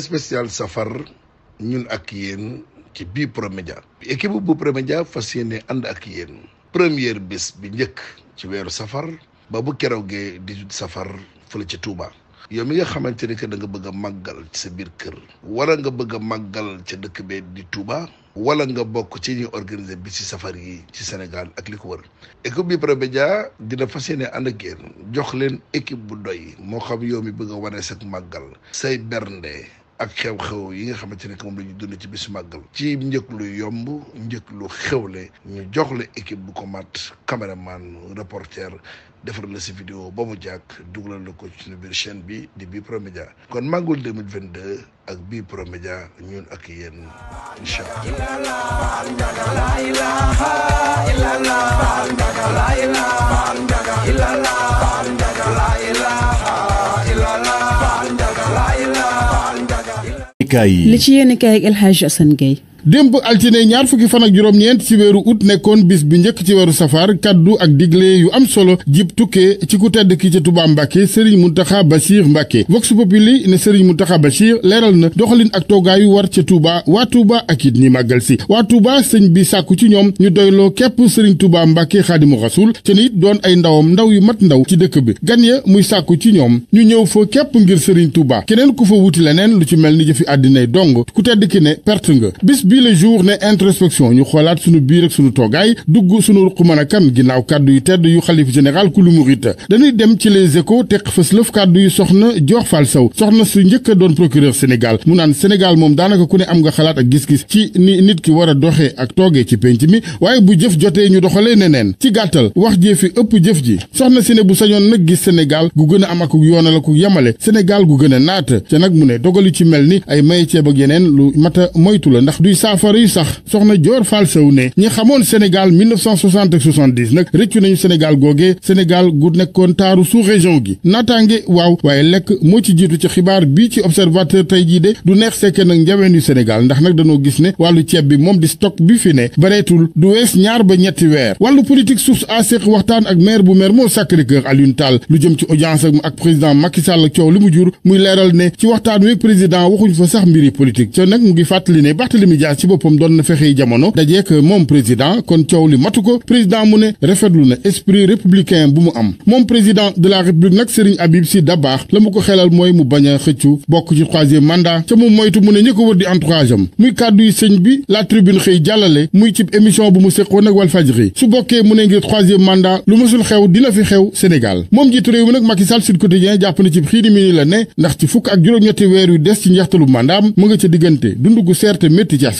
spécial safar ñun ak yéen ci bii promédia équipe bu promédia fas yéene ànd ak yéen première bés bi njëkk ci weeru safar ba bu keroogee di safar fële ci Touba. yow mi nga xamante ni que da nga bëgg a màggal ci sa biir kër wala nga bëgg a màggal ca dëkk bee di Touba wala nga bokk ci ñuy organiser bi ci safar yi ci Sénégal ak li ko wër équipe bi Promedia dina fas yéene ànd ak yéen jox leen équipe bu doy moo xam yow mi bëgg a wane sa màggal say bernde ak xew-xew yi nga xamante ne moom la ñu ci bis màggal ci njëkk lu yomb njëkk lu ñu jox la équipe bu ko mat caméraman reporter defar la si vidéo ba mu jàkk dugalal la ko ci suñu biir chaîne bi di Bi Pro Média kon màggul 2022 ak Bi Pro Média ñun ak yéen incha allah. kaay yi. li ci yéen kaay ak El Hadj Assane Gueye démb altine ñaar fukki fan ak juróom-ñeent ci weeru ut nekkoon bis bi njëkk ci weeru safar kaddu ak digle yu am solo jib tukkee ci ku tedd ki ca Touba Mbàkke Serigne Mountakha Bachir Mbàkke Vox Populi ne Serigne ba Bachir leral na doxalin ak toogaayu war ca tubaa waa Touba ak it ñi màggal si waa tubaa sëñ bi sàkku ci ñoom ñu doyloo képp Serigne Touba Mbàkke Xaadimu Rasuul ca nit doon ay ndawam ndaw yu mat ndaw ci dëkk bi gan ya muy sàkku ci ñoom ñu ñëw fa képp ngir Serigne Touba keneen ku fa leneen lu ci mel ni jëfi àddinay dong ku tedd ne perte nga bi le jour ne introspection ñu xoolaat sunu biir ak sunu toogaay dugg sunu ruq mën a kan ginnaaw kàddu yu tedd yu xalif général ku lu murit dañuy dem ci les échos teq fëslëf kàddu yu soxna joox Fall Sow soxna su njëkk a doon procureur Sénégal mu naan Sénégal moom daanaka ku ne am nga xalaat ak gis-gis ci ni nit ki war a doxee ak toogee ci pénc mi waaye bu jëf jotee ñu doxalee neneen ci gàttal wax jee fi ëpp jëf ji soxna si ne bu sañoon nag gis Sénégal gu gën a am ak yoonal ak yemale Sénégal gu gën a naat te nag mu ne dogal yu ci mel ni ay maye ceeb ak yeneen lu mata moytu la ndax saafara yi sax soxna Dior Fall Sow ne ñi xamoon Sénégal 1960 ak 70 nag rëccu nañu Sénégal googe Sénégal gu nekkoon taaru sous région gi naataange waaw waaye lekk moo ci jiitu ci xibaar bii ci observateur tey jii de du neex sekke nag njaween yu Sénégal ndax nag dañoo gis ne wàllu ceeb bi moom di stock bi fi ne bareetul du wees ñaar ba ñetti weer wàllu politique suuf aseq waxtaan ak maire bu maire moo Sacré-Cœur Alioune Tall lu jëm ci audience ak président Macky Sall coow li mu jur muy leeral ne ci waxtaan wi président waxuñ fa sax mbiri politique ca nag mu Dia ci boppam doon na fexey jamono dajeek moom président kon coow li matu ko président mu ne rafetlu na esprit républicain bu mu am moom président de la république nag Serigne Habib Sy Dabakh la mu ko xelal mooy mu bañ a xëccu bokk ci troisième mandat ca mu moytu mu ne ñi ko wër di entourage am muy kàddu yi sëñ bi la tribune xëy jàllale muy cib émission bu mu séqoon ak Walfadjri su bokkee mu ne ngir troisième mandat lu mësul xew dina fi xew Sénégal moom jiitu réew mi nag sa Sall jàpp na ci xiini mi ni la ndax ci fukk ak juróom-ñetti weer yu des ci njeextalu mandaam mu nga ca diggante dund gu seerte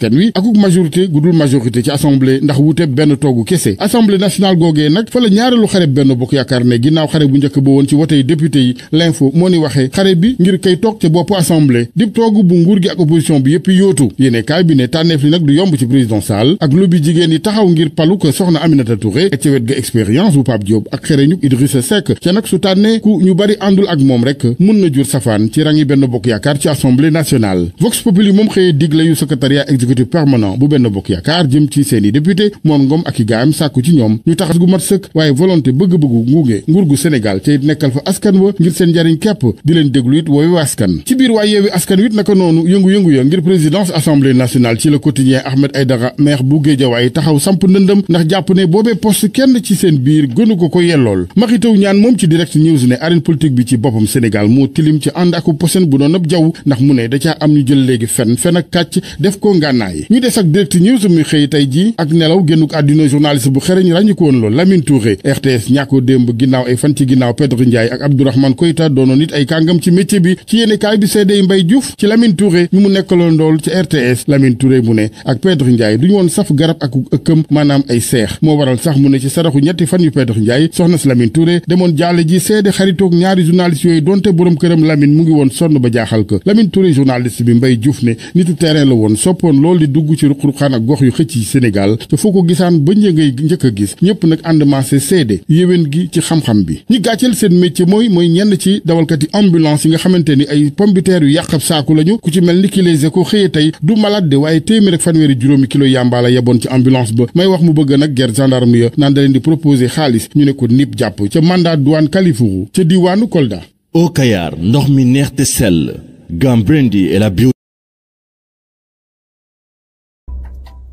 askan wi akuk majorité gudul majorité ci assemblée ndax wute benn toogu kese assemblée nationale googee nag fa la ñaareelu xare benn bokk yaakaar ne ginnaaw xare bu njëkk ba woon ci wotey député yi l'info moo ni waxee xare bi ngir kay toog ca bopp assemblée dib toogu bu nguur gi ak opposition bi yépp yootu yéene kaay bi ne tànneef li nag du yomb ci président Sall ak lobby jigéen yi taxaw ngir palu ko soxna Aminata Touré ak ca wet ga expérience bu Pape Diop ak ñu bari àndul ak moom rek mun na jur safaan ci rangi benn bokk yaakaar ci assemblée nationale Vox Populi exécutif permanent bu ci seen i député moon ngoom ak i gaayam sàkku taxaw samp ndëndëm ndax jàpp ne boobee poste kenn ci seen biir gënu ko ko yellool maxitaw ñaan moom ci direct news ne arène politique bi ci boppam Sénégal moo tilim ci ànd aku posen bu doon ab jaww ndax mu ne da am ñu jël léegi fen fen ak kàcc def ko nga ngànnaay ñu des ak direct news muy xëy tey ji ak nelaw génnuk àddina journaliste bu xereñ ràññi ko woon lool Lamine Touré RTS ñàkkoo démb ginnaaw ay fan ci ginnaaw Pedro Ndiaye ak Abdourahmane Koyta doonoon nit ay kàngam ci métier bi ci yéene kaay bi seedey Mbaye Diouf ci Lamine Touré mi mu nekkaloon lool ci RTS Lamine Touré mu ne ak Pedro Ndiaye duñu woon saf garab ak ëkkam maanaam ay seex moo waral sax mu ne ci saraxu ñetti fan yu Pedro Ndiaye soxna si Lamine la woon soppoon lool di dugg ci ruq-ruqaan ak gox yu xëcc ci Sénégal te foo ko gisaan ba njëngay njëkk a gis ñëpp nag ànd maase seede yéwén gi ci xam-xam bi ñi gàcceel seen métier mooy mooy ñenn ci dawalkati ambulance yi nga xamante ni ay pombiteer yu yàqab saaku lañu ku ci mel ni ki ko échos xëye tey du malade de waaye téeméer ak fanweeri juróomi kilo yàmbaa la yeboon ci ambulance ba may wax mu bëgg nag guerre gendarme ya naan da di proposé xaalis ñu ne ko nip jàpp ca mandat douane Kalifourou ca diwaanu Kolda au ndox mi neex te sell Gambrendi et la bio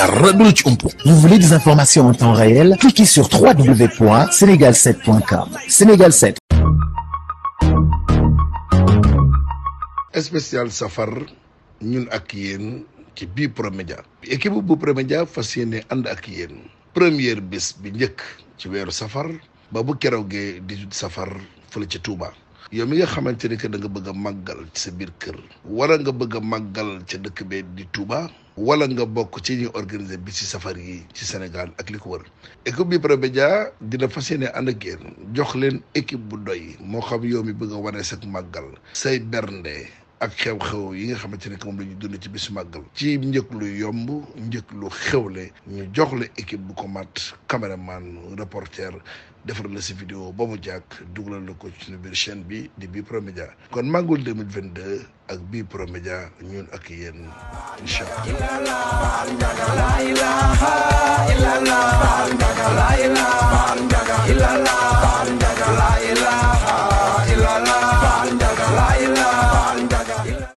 dara du la ci ump vous voulez des informations en temps réel cliquez sur www.senegal7.com Sénégal 7 spécial safar ñun ak ci bii promédia équipe bu promédia fas yéene ànd ak yéen première bis bi njëkk ci weeru safar babu bu keroog gee 18 safar fële ca Touba yow mi nga xamante ni que da nga bëgg a màggal ci sa biir kër wala nga bëgg a màggal ca dëkk be di Touba wala nga bokk ci ñuy organiser bi ci safar yi ci Sénégal ak li ko wër équipe bi jaa dina fas yéene ànd ak yéen jox leen équipe bu doy moo xam yow mi bëgg a wane sa màggal say bernde ak xew-xew yi nga xamante ne moom la ñu dund ci bis màggal ci njëkk lu yomb njëkk lu xewle ñu jox la équipe bu ko mat caméraman reporter defar la si vidéo ba mu jàkk dugalal la ko ci suñu biir chaîne bi di Bprod Media kon màggul 2022 ak Bprod Media ñun ak yéen incha allah